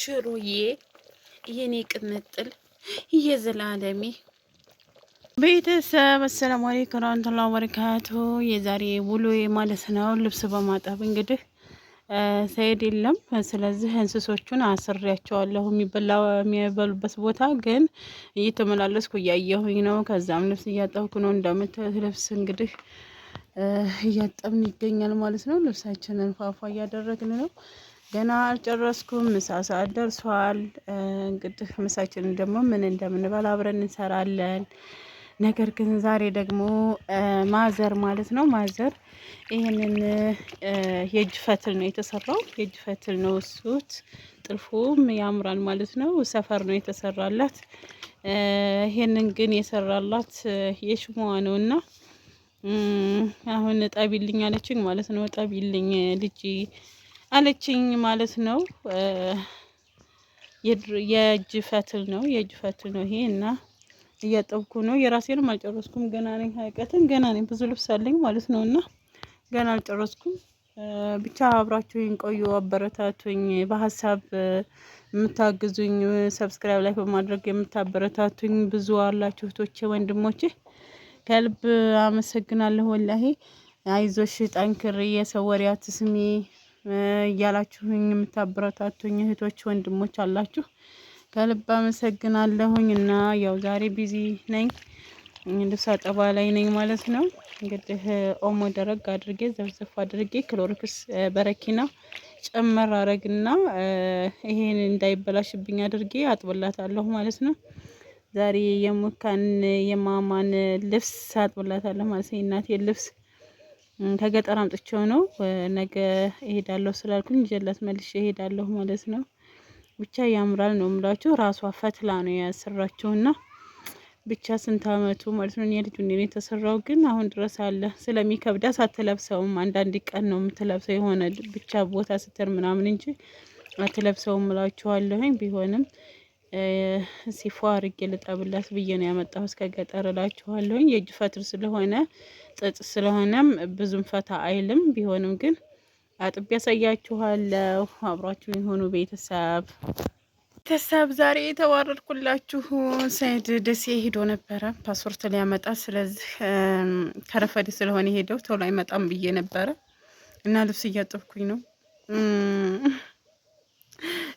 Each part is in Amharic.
ሽሩዬ የኔ ቅምጥል የዘላለሜ ቤተሰብ አሰላሙ አለይኩም ወራህመቱላሂ ወበረካቱ። የዛሬ ውሎ ማለት ነው ልብስ በማጠብ እንግዲህ ሰይድ የለም። ስለዚህ እንስሶቹን አስሬያቸዋለሁ። የሚበላ የሚበሉበት ቦታ ግን እየተመላለስኩ እያየሁኝ ነው። ከዛም ልብስ እያጠብኩ ነው። እንደምታዩት ልብስ እንግዲህ እያጠብን ይገኛል ማለት ነው። ልብሳችንን ፏፏ እያደረግን ነው። ገና አልጨረስኩም። ምሳ ሰዓት ደርሷል። እንግዲህ ምሳችንን ደግሞ ምን እንደምንበላ አብረን እንሰራለን። ነገር ግን ዛሬ ደግሞ ማዘር ማለት ነው ማዘር ይህንን የእጅ ፈትል ነው የተሰራው። የእጅ ፈትል ነው እሱት፣ ጥልፉም ያምራል ማለት ነው። ሰፈር ነው የተሰራላት። ይህንን ግን የሰራላት የሽሞዋ ነው እና አሁን ጠቢልኝ አለችኝ ማለት ነው። ጠቢልኝ ልጅ አለችኝ ማለት ነው። የእጅ ፈትል ነው የእጅ ፈትል ነው ይሄ እና እያጠብኩ ነው። የራሴንም አልጨረስኩም ገና ነኝ። ሀይቀትን ገና ነኝ። ብዙ ልብስ አለኝ ማለት ነው እና ገና አልጨረስኩም። ብቻ አብራችሁኝ ቆዩ፣ አበረታቱኝ። በሀሳብ የምታግዙኝ ሰብስክራይብ ላይ በማድረግ የምታበረታቱኝ ብዙ አላችሁ እህቶቼ፣ ወንድሞቼ ከልብ አመሰግናለሁ። ወላሂ አይዞሽ፣ ጠንክር የሰው ወሬ አትስሚ። እያላችሁኝ የምታበረታቱኝ እህቶች ወንድሞች አላችሁ ከልብ አመሰግናለሁኝ። እና ያው ዛሬ ቢዚ ነኝ፣ ልብስ አጠባ ላይ ነኝ ማለት ነው። እንግዲህ ኦሞ ደረግ አድርጌ ዘፍዘፍ አድርጌ ክሎሪክስ በረኪና ጨመር አረግና ይሄን እንዳይበላሽብኝ አድርጌ አጥብላታለሁ ማለት ነው። ዛሬ የሙካን የማማን ልብስ አጥብላታለሁ ማለት ነው። የእናቴ ልብስ ከገጠር አምጥቼው ነው ነገ እሄዳለሁ ስላልኩኝ ይዤላት መልሼ እሄዳለሁ ማለት ነው። ብቻ ያምራል ነው የምላችሁ። ራሷ ፈትላ ነው ያሰራችውና ብቻ ስንት አመቱ ማለት ነው። የልጁ እኔ የተሰራው ግን አሁን ድረስ አለ ስለሚከብዳ አትለብሰውም። አንዳንድ ቀን ነው የምትለብሰው የሆነ ብቻ ቦታ ስትር ምናምን እንጂ አትለብሰውም እላችኋለሁኝ ቢሆንም ሲፎ አርጌ ልጠብላት ብዬ ነው ያመጣሁ። እስከ ገጠር እላችኋለሁኝ። የእጅ ፈትል ስለሆነ ጥጥ ስለሆነም ብዙም ፈታ አይልም። ቢሆንም ግን አጥቤ ያሳያችኋለሁ። አብሯችሁ የሆኑ ቤተሰብ ቤተሰብ ዛሬ የተዋረድኩላችሁ ሰይድ ደሴ ሄዶ ነበረ ፓስፖርት ሊያመጣ። ስለዚህ ከረፈድ ስለሆነ ሄደው ቶሎ አይመጣም ብዬ ነበረ እና ልብስ እያጠብኩኝ ነው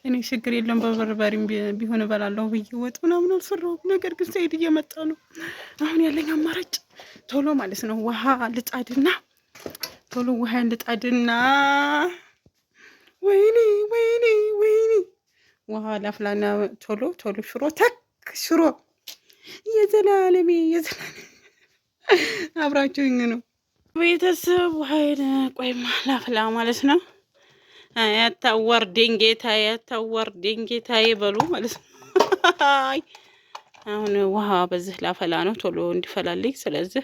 እኔ ችግር የለም በበርበሪም ቢሆን እበላለሁ ብዬ ወጥ ምናምን አልሰራሁም። ነገር ግን ሰኢድ እየመጣ ነው። አሁን ያለኝ አማራጭ ቶሎ ማለት ነው ውሃ ልጣድና ቶሎ ውሃ ልጣድና ወይኔ ወይኔ ወይኔ ውሃ ላፍላና ቶሎ ቶሎ ሽሮ ተክ ሽሮ የዘላለሜ የዘላለሜ አብራችሁኝ ነው ቤተሰብ ውሃ ቆይማ ላፍላ ማለት ነው። ያታወርደኝ ጌታ ያታወርደኝ ጌታ ይበሉ ማለት ነው። አሁን ውሃ በዚህ ላፈላ ነው ቶሎ እንዲፈላልኝ። ስለዚህ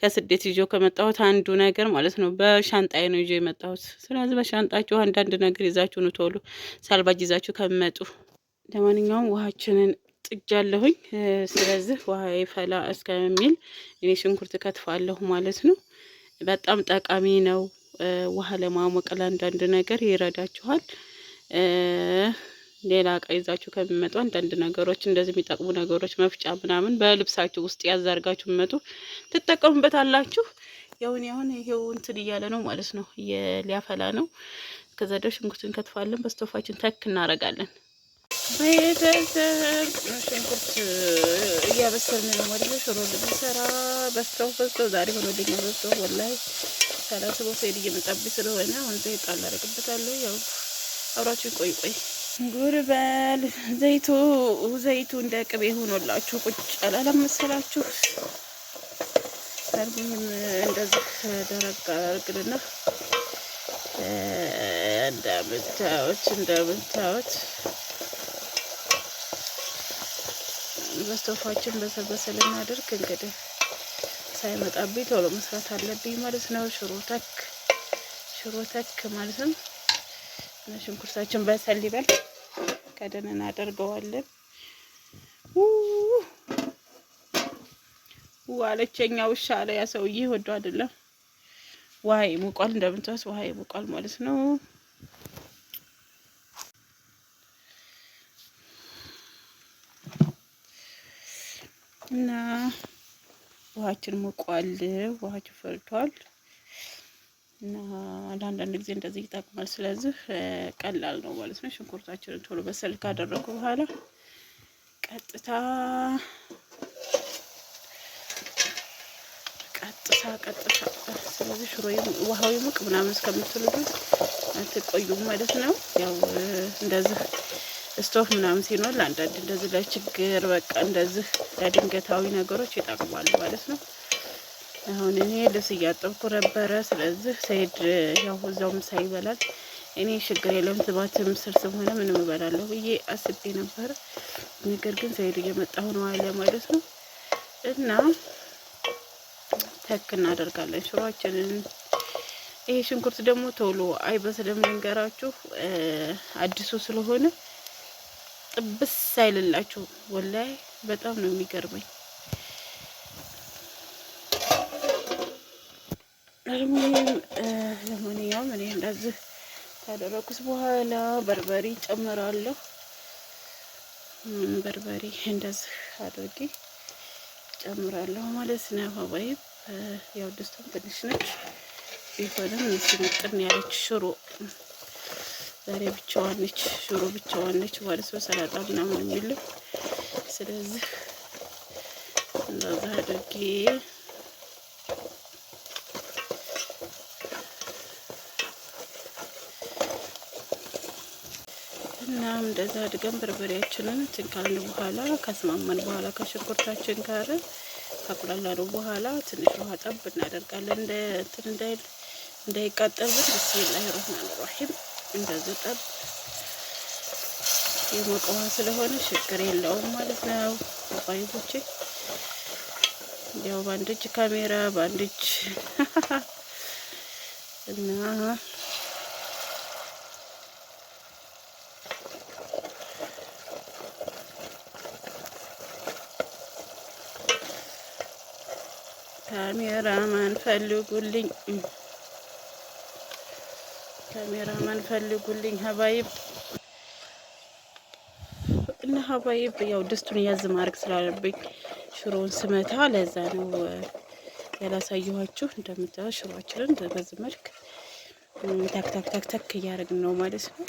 ከስደት ይዞ ከመጣሁት አንዱ ነገር ማለት ነው በሻንጣዬ ነው ይዞ የመጣሁት። ስለዚህ በሻንጣችሁ አንዳንድ ነገር ይዛችሁ ነው ቶሎ ሳልባጅ ይዛችሁ ከመጡ። ለማንኛውም ውሃችንን ጥጃለሁኝ። ስለዚህ ውሃ ይፈላ እስከሚል እኔ ሽንኩርት ከትፋለሁ ማለት ነው። በጣም ጠቃሚ ነው። ውሃ ለማሞቅ ለአንዳንድ ነገር ይረዳችኋል። ሌላ እቃ ይዛችሁ ከሚመጡ አንዳንድ ነገሮች እንደዚህ የሚጠቅሙ ነገሮች መፍጫ ምናምን በልብሳችሁ ውስጥ ያዛርጋችሁ መጡ ትጠቀሙበት አላችሁ። የሁን የሁን ይሄው እንትን እያለ ነው ማለት ነው፣ ሊያፈላ ነው። ከዛ ደግሞ ሽንኩርቱን ከትፋለን፣ በስቶፋችን ተክ እናረጋለን። ቤተሰብ ሽንኩርት እያበሰልን ነው። ወደ ሽሮ ልንሰራ በስተው በስተው ዛሬ ሆኖልኝ በስተው ወላሂ ሰላሳ ቦታዬ እየመጣብኝ ስለሆነ አሁን ዘይት ጣል አደርግበታለሁ። ያው አብራችሁ ቆይ ቆይ ጉርበል ዘይቱ ዘይቱ እንደ ቅቤ ሆኖላችሁ ቁጭ አላለም መሰላችሁ። አርጉኝም እንደዚህ ደረቅ አርግልና እንደምታዩት እንደምታዩት በስቶፋችን በሰበሰል እናድርግ። እንግዲህ ሳይመጣብኝ ቶሎ መስራት አለብኝ ማለት ነው። ሽሮተክ ተክ ማለት ነው። ሽንኩርታችን በሰል ይበል ከደን እናደርገዋለን። ዋለቸኛ ውሻ አለ ያ ሰውዬ ወዶ አይደለም። ዋይ ሙቋል፣ እንደምታዩት፣ ዋይ ሙቋል ማለት ነው። እና ውሃችን ሞቋል። ውሃችን ፈልቷል እና ለአንዳንድ ጊዜ እንደዚህ ይጠቅማል። ስለዚህ ቀላል ነው ማለት ነው። ሽንኩርታችንን ቶሎ በሰል ካደረጉ በኋላ ቀጥታ ቀጥታ ቀጥታ ስለዚህ ሽሮ ውሃው ይሙቅ ምናምን እስከምትሉ ድረስ አትቆዩም ማለት ነው። ያው እንደዚህ ስቶፍ ምናምን ሲኖር ለአንዳንድ እንደዚህ ለችግር በቃ እንደዚህ ለድንገታዊ ነገሮች ይጠቅማሉ ማለት ነው። አሁን እኔ ልብስ እያጠብኩ ነበረ። ስለዚህ ሰይድ ያው እዛው ምሳ ይበላል። እኔ ችግር የለም ትባት ምስር ሆነ ምንም እበላለሁ ብዬ አስቤ ነበረ። ነገር ግን ሰይድ እየመጣ ሆነ አለ ማለት ነው እና ተክ እናደርጋለን ሽሯችንን። ይሄ ሽንኩርት ደግሞ ቶሎ አይበስልም ልንገራችሁ፣ አዲሱ ስለሆነ ጥብስ አይልላችሁ። ወላይ በጣም ነው የሚገርመኝ። እርሚም ለማንኛውም እኔ እንደዚህ ካደረኩት በኋላ በርበሬ ጨምራለሁ። በርበሬ እንደዚህ አድርጌ ጨምራለሁ ማለት ነው። ባባይ ያው ድስቱም ትንሽ ነች ቢሆንም ንስምጥን ያለች ሽሮ ዛሬ ብቻዋን ነች፣ ሽሮ ብቻዋን ነች ማለት ነው። ሰላጣ ምናምን የሚልም ስለዚህ እንደዛ አድርጌ እና እንደዛ አድርገን በርበሬያችንን ትንካልን በኋላ ካስማማን በኋላ ከሽንኩርታችን ጋር ካቁላላሉ በኋላ ትንሽ ውሃ ጠብ እናደርጋለን እንደ እንትን እንዳይል እንዳይቃጠልብን። ቢስሚላሂ ረህማን ረሂም እንደዚህ ጠብ የሞቀ ውሃ ስለሆነ ችግር የለውም ማለት ነው። ባይቦቼ እንዲያው በአንድ እጅ ካሜራ በአንድ እጅ እና ካሜራማን ፈልጉልኝ። ካሜራማን ፈልጉልኝ ሀባይብ እና ሀባይብ ያው ድስቱን እያዝ ማድረግ ስላለብኝ ሽሮውን ስመታ ለዛ ነው ያላሳየኋችሁ። እንደምታዩት ሽሮችንን በዚህ መልክ ታክ ታክ ታክ ታክ እያደረግን ነው ማለት ነው።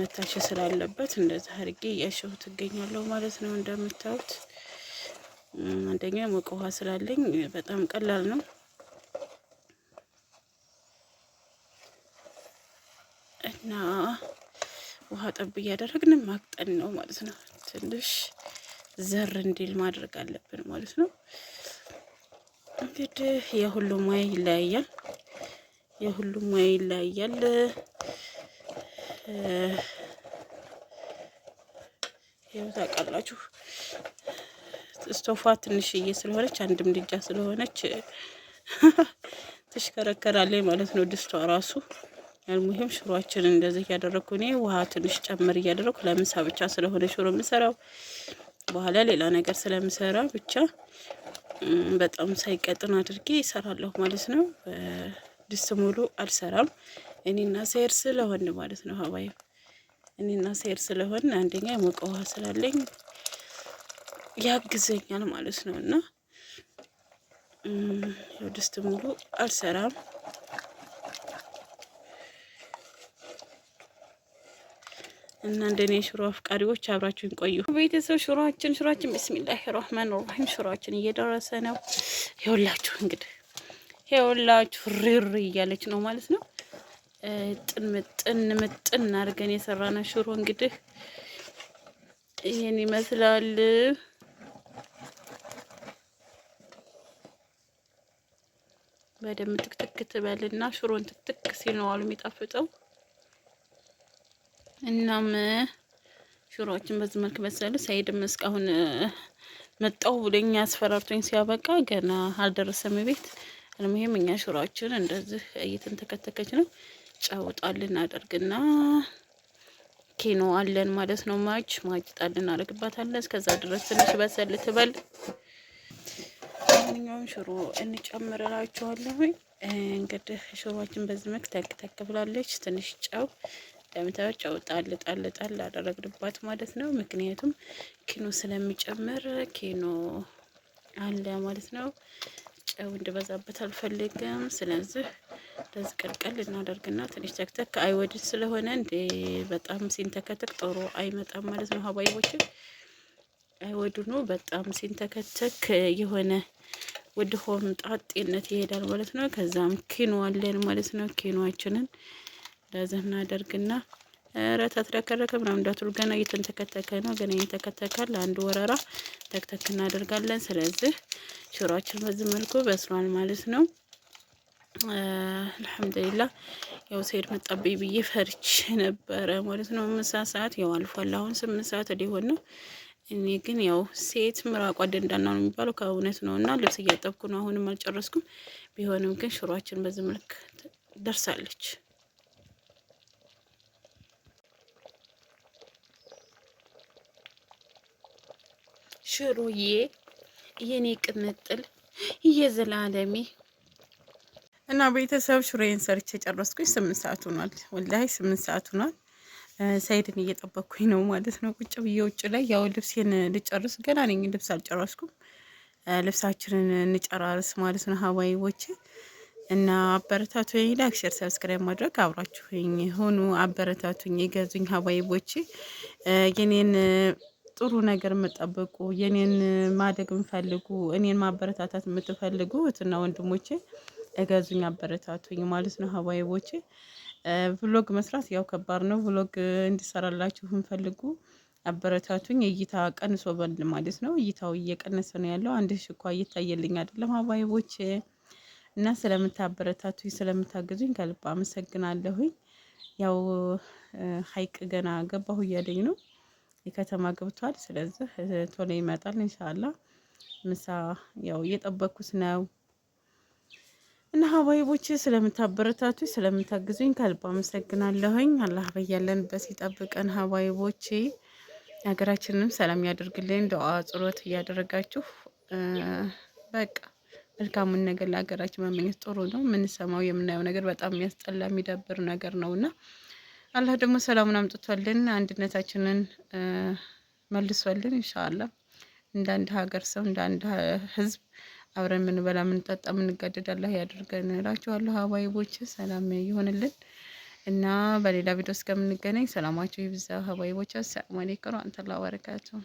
መታሸ ስላለበት እንደዛ አድርጌ እያሸሁ ትገኛለሁ ማለት ነው። እንደምታዩት አንደኛ ሞቀ ውሃ ስላለኝ በጣም ቀላል ነው። እና ውሃ ጠብ እያደረግን ማቅጠን ነው ማለት ነው። ትንሽ ዘር እንዲል ማድረግ አለብን ማለት ነው። እንግዲህ የሁሉም ሙያ ይለያያል። የሁሉም ሙያ ይለያያል። ያው ታውቃላችሁ ስቶፋ ትንሽዬ ስለሆነች አንድ ምድጃ ስለሆነች ትሽከረከራለች ማለት ነው ድስቷ ራሱ ያልሙሂም ሽሮችን እንደዚህ እያደረግኩ እኔ ውሃ ትንሽ ጨምር እያደረግኩ ለምሳ ብቻ ስለሆነ ሽሮ የምሰራው በኋላ ሌላ ነገር ስለምሰራ ብቻ በጣም ሳይቀጥን አድርጌ ይሰራለሁ ማለት ነው። ድስት ሙሉ አልሰራም። እኔና ሴር ስለሆን ማለት ነው ሀባይ እኔና ሴር ስለሆን አንደኛ የሞቀ ውሃ ስላለኝ ያግዘኛል ማለት ነው እና ድስት ሙሉ አልሰራም። እና እንደኔ ሽሮ አፍቃሪዎች አብራችሁን ቆዩ ቤተሰብ። ሽሮችን ሽሮችን ብስሚላህ ራህማን ራሂም ሽሮችን እየደረሰ ነው። ይኸውላችሁ እንግዲህ ይኸውላችሁ ሪሪ እያለች ነው ማለት ነው። ጥን ምጥን ምጥን አድርገን የሰራ ሽሮ እንግዲህ ይህን ይመስላል። በደንብ ትክትክ ትበልና ሽሮን ትክትክ ሲል ነው አሉ የሚጣፍጠው። እናም ሽሮዎችን በዚህ መልክ በሰለ። ሰይድም እስካሁን መጣው ለኛ አስፈራርቶኝ ሲያበቃ ገና አልደረሰም ቤት። አልሙሄም እኛ ሽሮዎችን እንደዚህ እየተንተከተከች ነው። ጫውጣል እናደርግና ኬኖ አለን ማለት ነው። ማች ማጭ ጣል እናደርግባታለን። እስከዛ ድረስ ትንሽ በሰል ትበል። ማንኛውም ሽሮ እንጨምርላችኋለሁ። እንግዲህ ሽሮችን በዚህ መልክ ተክ ብላለች። ትንሽ ጨው እንደምታዩት ጨው ጣል ጣል ጣል አደረግንባት ማለት ነው። ምክንያቱም ኪኖ ስለሚጨምር ኪኖ አለ ማለት ነው። ጨው እንድበዛበት አልፈልግም። ስለዚህ ለዚህ ቀልቀል እናደርግና ትንሽ ተክተክ አይወድድ ስለሆነ እንደ በጣም ሲንተከተክ ጦሮ አይመጣም ማለት ነው። ሀባይቦች አይወድኑ በጣም ሲንተከተክ የሆነ ወደ ሆምጣጤነት ይሄዳል ማለት ነው። ከዛም ኪኖ አለን ማለት ነው። ኪኖአችንን እንደዚህ እናደርግና ረታ ተረከረከ ምናምን እንዳትሉ ገና እየተንተከተከ ነው። ገና እየተከተካል። አንድ ወረራ ተክተክ እናደርጋለን። ስለዚህ ሽሯችን በዚህ መልኩ በስሏል ማለት ነው። አልሐምዱሊላ ያው ሰይድ መጣብኝ ብዬ ፈርቼ ነበረ ማለት ነው። ምሳ ሰዓት ያው አልፏል። አሁን ስምንት ሰዓት ሊሆን ነው። እኔ ግን ያው ሴት ምራቋ ደንዳና ነው የሚባለው ከእውነት ነው። እና ልብስ እያጠብኩ ነው። አሁንም አልጨረስኩም። ቢሆንም ግን ሽሯችን በዚህ መልክ ደርሳለች። ሽሮዬ የኔ ቅምጥል እየዘላለሜ እና ቤተሰብ ሽሮዬን ሰርቼ ጨረስኩኝ። ስምንት ሰዓት ሆኗል። ወላሂ ስምንት ሰዓት ሆኗል። ሳይድን እየጠበኩኝ ነው ማለት ነው። ቁጭ ብዬ ውጭ ላይ ያው ልብሴን ልጨርስ ገና ነኝ። ልብስ አልጨረስኩም። ልብሳችንን እንጨራርስ ማለት ነው። ሀዋይዎች እና አበረታቱኝ። ላይክ፣ ሼር፣ ሰብስክራይብ ማድረግ አብራችሁኝ ሆኑ። አበረታቱኝ፣ የገዙኝ ሀዋይዎች የኔን ጥሩ ነገር የምጠብቁ የኔን ማደግ የምፈልጉ እኔን ማበረታታት የምትፈልጉ እህትና ወንድሞቼ እገዙኝ፣ አበረታቱኝ ማለት ነው። ሀባይቦቼ ቭሎግ መስራት ያው ከባድ ነው። ቭሎግ እንዲሰራላችሁ የምፈልጉ አበረታቱኝ። እይታ ቀንሶ በል ማለት ነው። እይታው እየቀነሰ ነው ያለው። አንድ ሽኳ እየታየልኝ አይደለም ሀባይቦቼ እና ስለምታበረታቱኝ ስለምታግዙኝ ከልብ አመሰግናለሁኝ። ያው ሀይቅ ገና ገባሁ እያለኝ ነው የከተማ ገብቷል። ስለዚህ ቶሎ ይመጣል እንሻላ። ምሳ ያው እየጠበኩት ነው እና ሀባይቦች ስለምታበረታቱ ስለምታግዙኝ ከልብ አመሰግናለሁኝ። አላህ በያለንበት ይጠብቀን። ሀባይቦች፣ ሀገራችንንም ሰላም ያደርግልን። ደዋ ጽሎት እያደረጋችሁ በቃ መልካሙን ነገር ለሀገራችን መመኘት ጥሩ ነው። የምንሰማው የምናየው ነገር በጣም የሚያስጠላ የሚደብር ነገር ነው እና አላህ ደግሞ ሰላሙን አምጥቶልን አንድነታችንን መልሶልን ኢንሻአላህ እንደ አንድ ሀገር ሰው እንደ አንድ ህዝብ አብረን የምንበላ የምንጠጣ የምንጋደድ አላህ ያድርገን እላችኋለሁ። ሀባይቦች ሰላም ይሆንልን እና በሌላ ቪዲዮ እስከምንገናኝ ሰላማችሁ ይብዛ ሀባይቦች። አሰላሙ አለይኩም ወራህመቱላሂ ወበረካቱሁ።